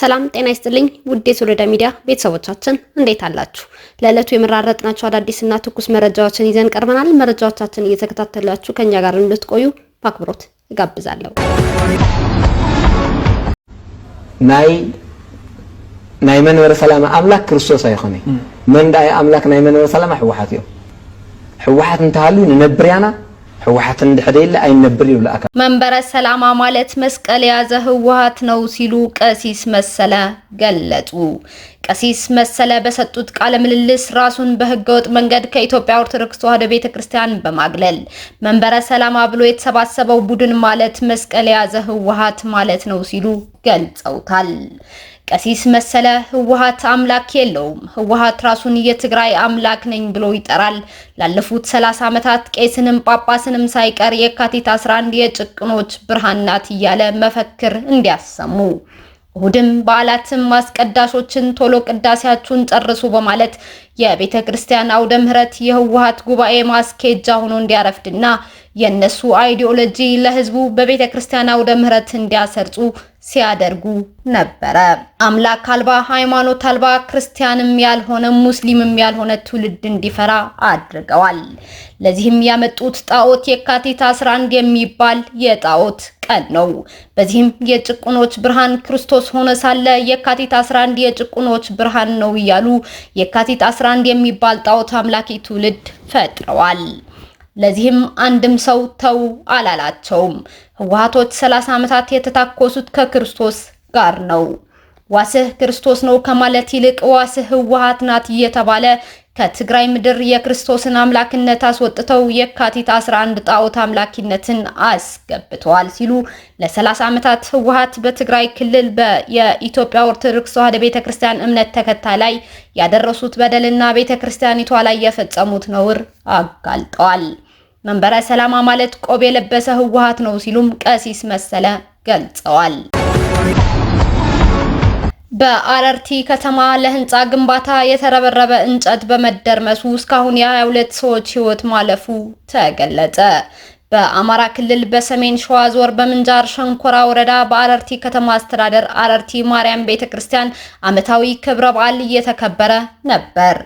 ሰላም ጤና ይስጥልኝ ውዴ ሶሎዳ ሚዲያ ቤተሰቦቻችን እንዴት አላችሁ? ለዕለቱ የመራረጥናቸው አዳዲስና ትኩስ መረጃዎችን ይዘን ቀርበናል። መረጃዎቻችን እየተከታተላችሁ ከኛ ጋር እንድትቆዩ በአክብሮት እጋብዛለሁ። ናይ ናይ መንበረ ሰላም አምላክ ክርስቶስ ኣይኮነ መንዳይ አምላክ ናይ መንበረ ሰላም ሕወሓት እዮም ሕወሓት እንተሃልዩ ንነብርያና ህወሓትን ድሕደ አይነብር ይሉ ለአካ መንበረ ሰላማ ማለት መስቀል የያዘ ህወሓት ነው ሲሉ ቀሲስ መሰለ ገለጹ። ቀሲስ መሰለ በሰጡት ቃለ ምልልስ ራሱን በህገወጥ መንገድ ከኢትዮጵያ ኦርቶዶክስ ተዋሕዶ ቤተ ክርስቲያን በማግለል መንበረ ሰላማ ብሎ የተሰባሰበው ቡድን ማለት መስቀል የያዘ ህወሓት ማለት ነው ሲሉ ገልጸውታል። ቀሲስ መሰለ ህወሓት አምላክ የለውም፣ ህወሓት ራሱን የትግራይ አምላክ ነኝ ብሎ ይጠራል። ላለፉት 30 ዓመታት ቄስንም ጳጳስንም ሳይቀር የካቲት 11 የጭቅኖች ብርሃን ናት እያለ መፈክር እንዲያሰሙ እሁድም በዓላትም ማስቀዳሾችን ቶሎ ቅዳሴያችሁን ጨርሱ በማለት የቤተ ክርስቲያን አውደ ምሕረት የህወሀት ጉባኤ ማስኬጃ ሆኖ እንዲያረፍድና የእነሱ አይዲዮሎጂ ለህዝቡ በቤተ ክርስቲያን አውደ ምሕረት እንዲያሰርጹ ሲያደርጉ ነበረ። አምላክ አልባ ሃይማኖት አልባ ክርስቲያንም ያልሆነ ሙስሊምም ያልሆነ ትውልድ እንዲፈራ አድርገዋል። ለዚህም ያመጡት ጣዖት የካቲት 11 የሚባል የጣዖት ቀን ነው። በዚህም የጭቁኖች ብርሃን ክርስቶስ ሆነ ሳለ የካቲት 11 የጭቁኖች ብርሃን ነው እያሉ የካቲት 11 የሚባል ጣዖት አምላኪ ትውልድ ፈጥረዋል። ለዚህም አንድም ሰው ተው አላላቸውም። ህወሓቶች 30 ዓመታት የተታኮሱት ከክርስቶስ ጋር ነው። ዋስህ ክርስቶስ ነው ከማለት ይልቅ ዋስህ ህወሓት ናት እየተባለ ከትግራይ ምድር የክርስቶስን አምላክነት አስወጥተው የካቲት 11 ጣዖት አምላኪነትን አስገብተዋል ሲሉ ለ30 ዓመታት ህወሓት በትግራይ ክልል የኢትዮጵያ ኦርቶዶክስ ተዋሕዶ ቤተክርስቲያን እምነት ተከታይ ላይ ያደረሱት በደልና ቤተክርስቲያኒቷ ላይ የፈጸሙት ነውር አጋልጠዋል። መንበረ ሰላማ ማለት ቆብ የለበሰ ህወሓት ነው ሲሉም ቀሲስ መሰለ ገልጸዋል። በአረርቲ ከተማ ለህንፃ ግንባታ የተረበረበ እንጨት በመደርመሱ እስካሁን የ22 ሰዎች ህይወት ማለፉ ተገለጸ። በአማራ ክልል በሰሜን ሸዋ ዞር በምንጃር ሸንኮራ ወረዳ በአረርቲ ከተማ አስተዳደር አረርቲ ማርያም ቤተክርስቲያን ዓመታዊ ክብረ በዓል እየተከበረ ነበር።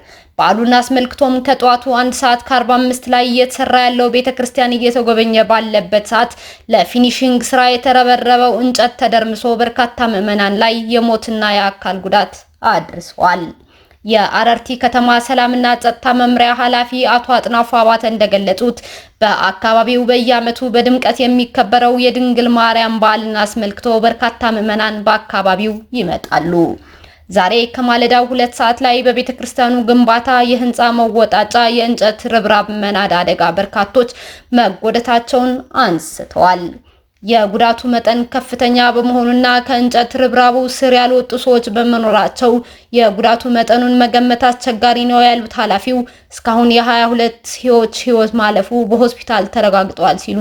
በዓሉን አስመልክቶም ከጠዋቱ አንድ ሰዓት ከ45 ላይ እየተሰራ ያለው ቤተ ክርስቲያን እየተጎበኘ ባለበት ሰዓት ለፊኒሽንግ ስራ የተረበረበው እንጨት ተደርምሶ በርካታ ምዕመናን ላይ የሞትና የአካል ጉዳት አድርሷል። የአረርቲ ከተማ ሰላምና ጸጥታ መምሪያ ኃላፊ አቶ አጥናፉ አባተ እንደገለጹት በአካባቢው በየዓመቱ በድምቀት የሚከበረው የድንግል ማርያም በዓልን አስመልክቶ በርካታ ምዕመናን በአካባቢው ይመጣሉ። ዛሬ ከማለዳው ሁለት ሰዓት ላይ በቤተ ክርስቲያኑ ግንባታ የህንፃ መወጣጫ የእንጨት ርብራብ መናድ አደጋ በርካቶች መጎደታቸውን አንስተዋል። የጉዳቱ መጠን ከፍተኛ በመሆኑና ከእንጨት ርብራቡ ስር ያልወጡ ሰዎች በመኖራቸው የጉዳቱ መጠኑን መገመት አስቸጋሪ ነው ያሉት ኃላፊው እስካሁን የ22 ሰዎች ህይወት ማለፉ በሆስፒታል ተረጋግጧል ሲሉ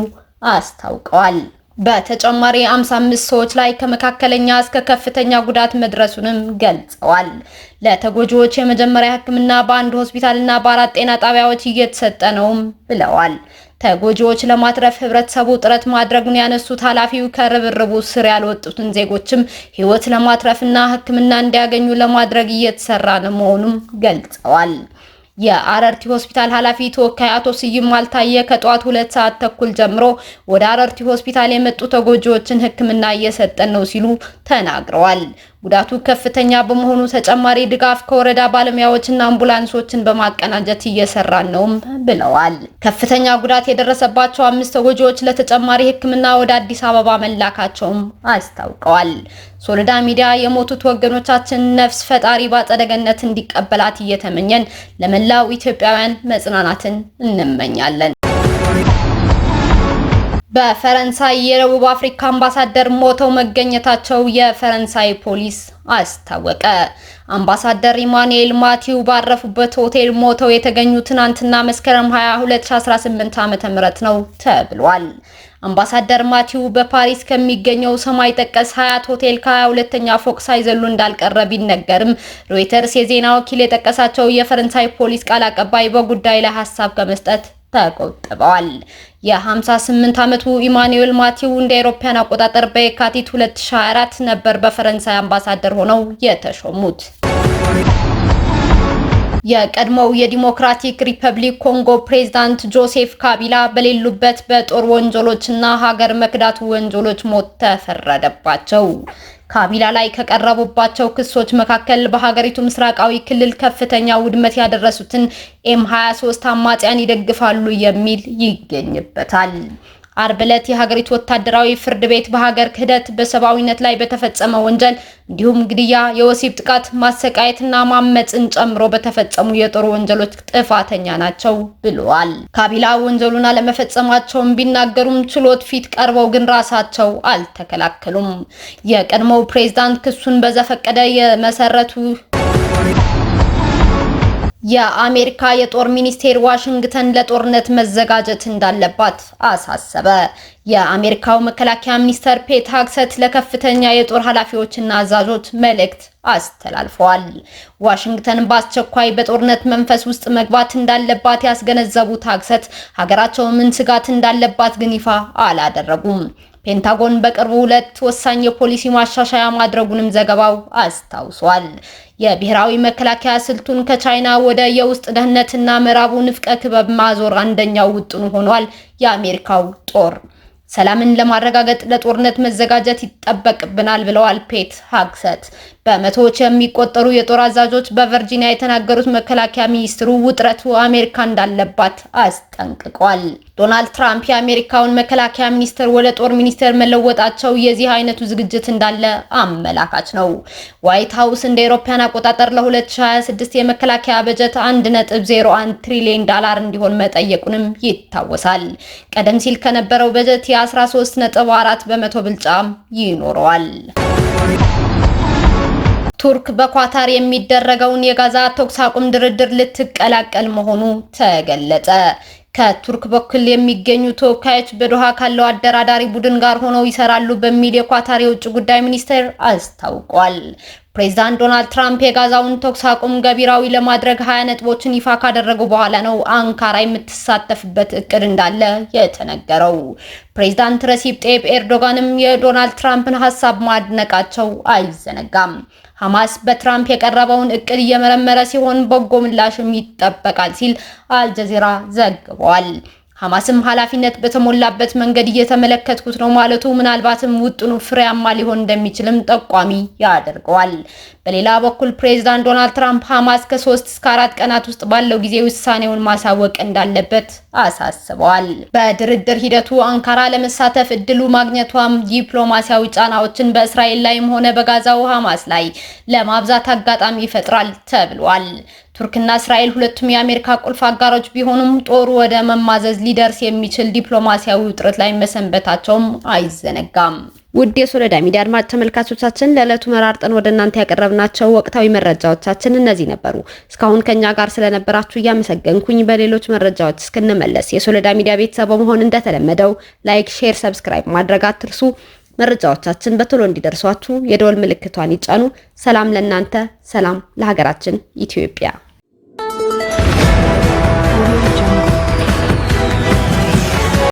አስታውቀዋል። በተጨማሪ 55 ሰዎች ላይ ከመካከለኛ እስከ ከፍተኛ ጉዳት መድረሱንም ገልጸዋል። ለተጎጂዎች የመጀመሪያ ሕክምና በአንድ ሆስፒታልና በአራት ጤና ጣቢያዎች እየተሰጠ ነውም ብለዋል። ተጎጂዎች ለማትረፍ ህብረተሰቡ ጥረት ማድረጉን ያነሱት ኃላፊው ከርብርቡ ስር ያልወጡትን ዜጎችም ህይወት ለማትረፍና ሕክምና እንዲያገኙ ለማድረግ እየተሰራ ነው መሆኑም ገልጸዋል። የአረርቲ ሆስፒታል ኃላፊ ተወካይ አቶ ስዩም ማልታየ ከጠዋት ሁለት ሰዓት ተኩል ጀምሮ ወደ አረርቲ ሆስፒታል የመጡ ተጎጂዎችን ሕክምና እየሰጠን ነው ሲሉ ተናግረዋል። ጉዳቱ ከፍተኛ በመሆኑ ተጨማሪ ድጋፍ ከወረዳ ባለሙያዎችና አምቡላንሶችን በማቀናጀት እየሰራን ነውም ብለዋል። ከፍተኛ ጉዳት የደረሰባቸው አምስት ተጎጂዎች ለተጨማሪ ሕክምና ወደ አዲስ አበባ መላካቸውም አስታውቀዋል። ሶሎዳ ሚዲያ የሞቱት ወገኖቻችን ነፍስ ፈጣሪ ባጸደ ገነት እንዲቀበላት እየተመኘን ለመላው ኢትዮጵያውያን መጽናናትን እንመኛለን። በፈረንሳይ የደቡብ አፍሪካ አምባሳደር ሞተው መገኘታቸው የፈረንሳይ ፖሊስ አስታወቀ። አምባሳደር ኢማኑኤል ማቲው ባረፉበት ሆቴል ሞተው የተገኙ ትናንትና መስከረም 22 2018 ዓ.ም ነው ተብሏል። አምባሳደር ማቲው በፓሪስ ከሚገኘው ሰማይ ጠቀስ ሀያት ሆቴል ከ 2 ኛ ፎቅ ሳይዘሉ እንዳልቀረ ቢነገርም ሮይተርስ የዜና ወኪል የጠቀሳቸው የፈረንሳይ ፖሊስ ቃል አቀባይ በጉዳይ ላይ ሀሳብ ከመስጠት ተቆጥበዋል። የ58 ዓመቱ ኢማኑኤል ማቲው እንደ አውሮፓውያን አቆጣጠር በየካቲት 2024 ነበር በፈረንሳይ አምባሳደር ሆነው የተሾሙት። የቀድሞው የዲሞክራቲክ ሪፐብሊክ ኮንጎ ፕሬዝዳንት ጆሴፍ ካቢላ በሌሉበት በጦር ወንጀሎችና ሀገር መክዳት ወንጀሎች ሞት ተፈረደባቸው። ካቢላ ላይ ከቀረቡባቸው ክሶች መካከል በሀገሪቱ ምስራቃዊ ክልል ከፍተኛ ውድመት ያደረሱትን ኤም 23 አማጽያን ይደግፋሉ የሚል ይገኝበታል። አርብ ዕለት የሀገሪቱ ወታደራዊ ፍርድ ቤት በሀገር ክህደት፣ በሰብአዊነት ላይ በተፈጸመ ወንጀል እንዲሁም ግድያ፣ የወሲብ ጥቃት፣ ማሰቃየትና ማመፅን ጨምሮ በተፈጸሙ የጦር ወንጀሎች ጥፋተኛ ናቸው ብለዋል። ካቢላ ወንጀሉን አለመፈጸማቸውን ቢናገሩም ችሎት ፊት ቀርበው ግን ራሳቸው አልተከላከሉም። የቀድሞው ፕሬዝዳንት ክሱን በዘፈቀደ የመሰረቱ የአሜሪካ የጦር ሚኒስቴር ዋሽንግተን ለጦርነት መዘጋጀት እንዳለባት አሳሰበ። የአሜሪካው መከላከያ ሚኒስተር ፔት ሀግሰት ለከፍተኛ የጦር ኃላፊዎችና አዛዦች መልእክት አስተላልፈዋል። ዋሽንግተን በአስቸኳይ በጦርነት መንፈስ ውስጥ መግባት እንዳለባት ያስገነዘቡት ሀግሰት ሀገራቸው ምን ስጋት እንዳለባት ግን ይፋ አላደረጉም። ፔንታጎን በቅርቡ ሁለት ወሳኝ የፖሊሲ ማሻሻያ ማድረጉንም ዘገባው አስታውሷል። የብሔራዊ መከላከያ ስልቱን ከቻይና ወደ የውስጥ ደህንነትና ምዕራቡ ንፍቀ ክበብ ማዞር አንደኛው ውጥኑ ሆኗል። የአሜሪካው ጦር ሰላምን ለማረጋገጥ ለጦርነት መዘጋጀት ይጠበቅብናል ብለዋል ፔት ሀግሰት። በመቶዎች የሚቆጠሩ የጦር አዛዦች በቨርጂኒያ የተናገሩት መከላከያ ሚኒስትሩ ውጥረቱ አሜሪካ እንዳለባት አስጠንቅቋል። ዶናልድ ትራምፕ የአሜሪካውን መከላከያ ሚኒስትር ወደ ጦር ሚኒስቴር መለወጣቸው የዚህ አይነቱ ዝግጅት እንዳለ አመላካች ነው። ዋይት ሀውስ እንደ ኤሮፓያን አቆጣጠር ለ2026 የመከላከያ በጀት 1.01 ትሪሊዮን ዶላር እንዲሆን መጠየቁንም ይታወሳል። ቀደም ሲል ከነበረው በጀት የ13.4 በመቶ ብልጫም ይኖረዋል። ቱርክ በኳታር የሚደረገውን የጋዛ ተኩስ አቁም ድርድር ልትቀላቀል መሆኑ ተገለጸ። ከቱርክ በኩል የሚገኙ ተወካዮች በዶሃ ካለው አደራዳሪ ቡድን ጋር ሆነው ይሰራሉ በሚል የኳታር የውጭ ጉዳይ ሚኒስቴር አስታውቋል። ፕሬዚዳንት ዶናልድ ትራምፕ የጋዛውን ተኩስ አቁም ገቢራዊ ለማድረግ ሀያ ነጥቦችን ይፋ ካደረጉ በኋላ ነው አንካራ የምትሳተፍበት እቅድ እንዳለ የተነገረው። ፕሬዚዳንት ረሲፕ ጤብ ኤርዶጋንም የዶናልድ ትራምፕን ሀሳብ ማድነቃቸው አይዘነጋም። ሐማስ በትራምፕ የቀረበውን እቅድ እየመረመረ ሲሆን በጎ ምላሽም ይጠበቃል ሲል አልጀዚራ ዘግቧል። ሐማስም ኃላፊነት በተሞላበት መንገድ እየተመለከትኩት ነው ማለቱ ምናልባትም ውጥኑ ፍሬያማ ሊሆን እንደሚችልም ጠቋሚ ያደርገዋል። በሌላ በኩል ፕሬዚዳንት ዶናልድ ትራምፕ ሐማስ ከሶስት እስከ አራት ቀናት ውስጥ ባለው ጊዜ ውሳኔውን ማሳወቅ እንዳለበት አሳስበዋል። በድርድር ሂደቱ አንካራ ለመሳተፍ እድሉ ማግኘቷም ዲፕሎማሲያዊ ጫናዎችን በእስራኤል ላይም ሆነ በጋዛው ሐማስ ላይ ለማብዛት አጋጣሚ ይፈጥራል ተብሏል። ቱርክና እስራኤል ሁለቱም የአሜሪካ ቁልፍ አጋሮች ቢሆኑም ጦሩ ወደ መማዘዝ ሊደርስ የሚችል ዲፕሎማሲያዊ ውጥረት ላይ መሰንበታቸውም አይዘነጋም። ውድ የሶለዳ ሚዲያ አድማጭ ተመልካቾቻችን ለዕለቱ መራርጠን ወደ እናንተ ያቀረብናቸው ወቅታዊ መረጃዎቻችን እነዚህ ነበሩ። እስካሁን ከኛ ጋር ስለነበራችሁ እያመሰገንኩኝ በሌሎች መረጃዎች እስክንመለስ የሶለዳ ሚዲያ ቤተሰብ መሆን እንደተለመደው ላይክ፣ ሼር፣ ሰብስክራይብ ማድረግ አትርሱ። መረጃዎቻችን በቶሎ እንዲደርሷችሁ የደወል ምልክቷን ይጫኑ። ሰላም ለእናንተ፣ ሰላም ለሀገራችን ኢትዮጵያ።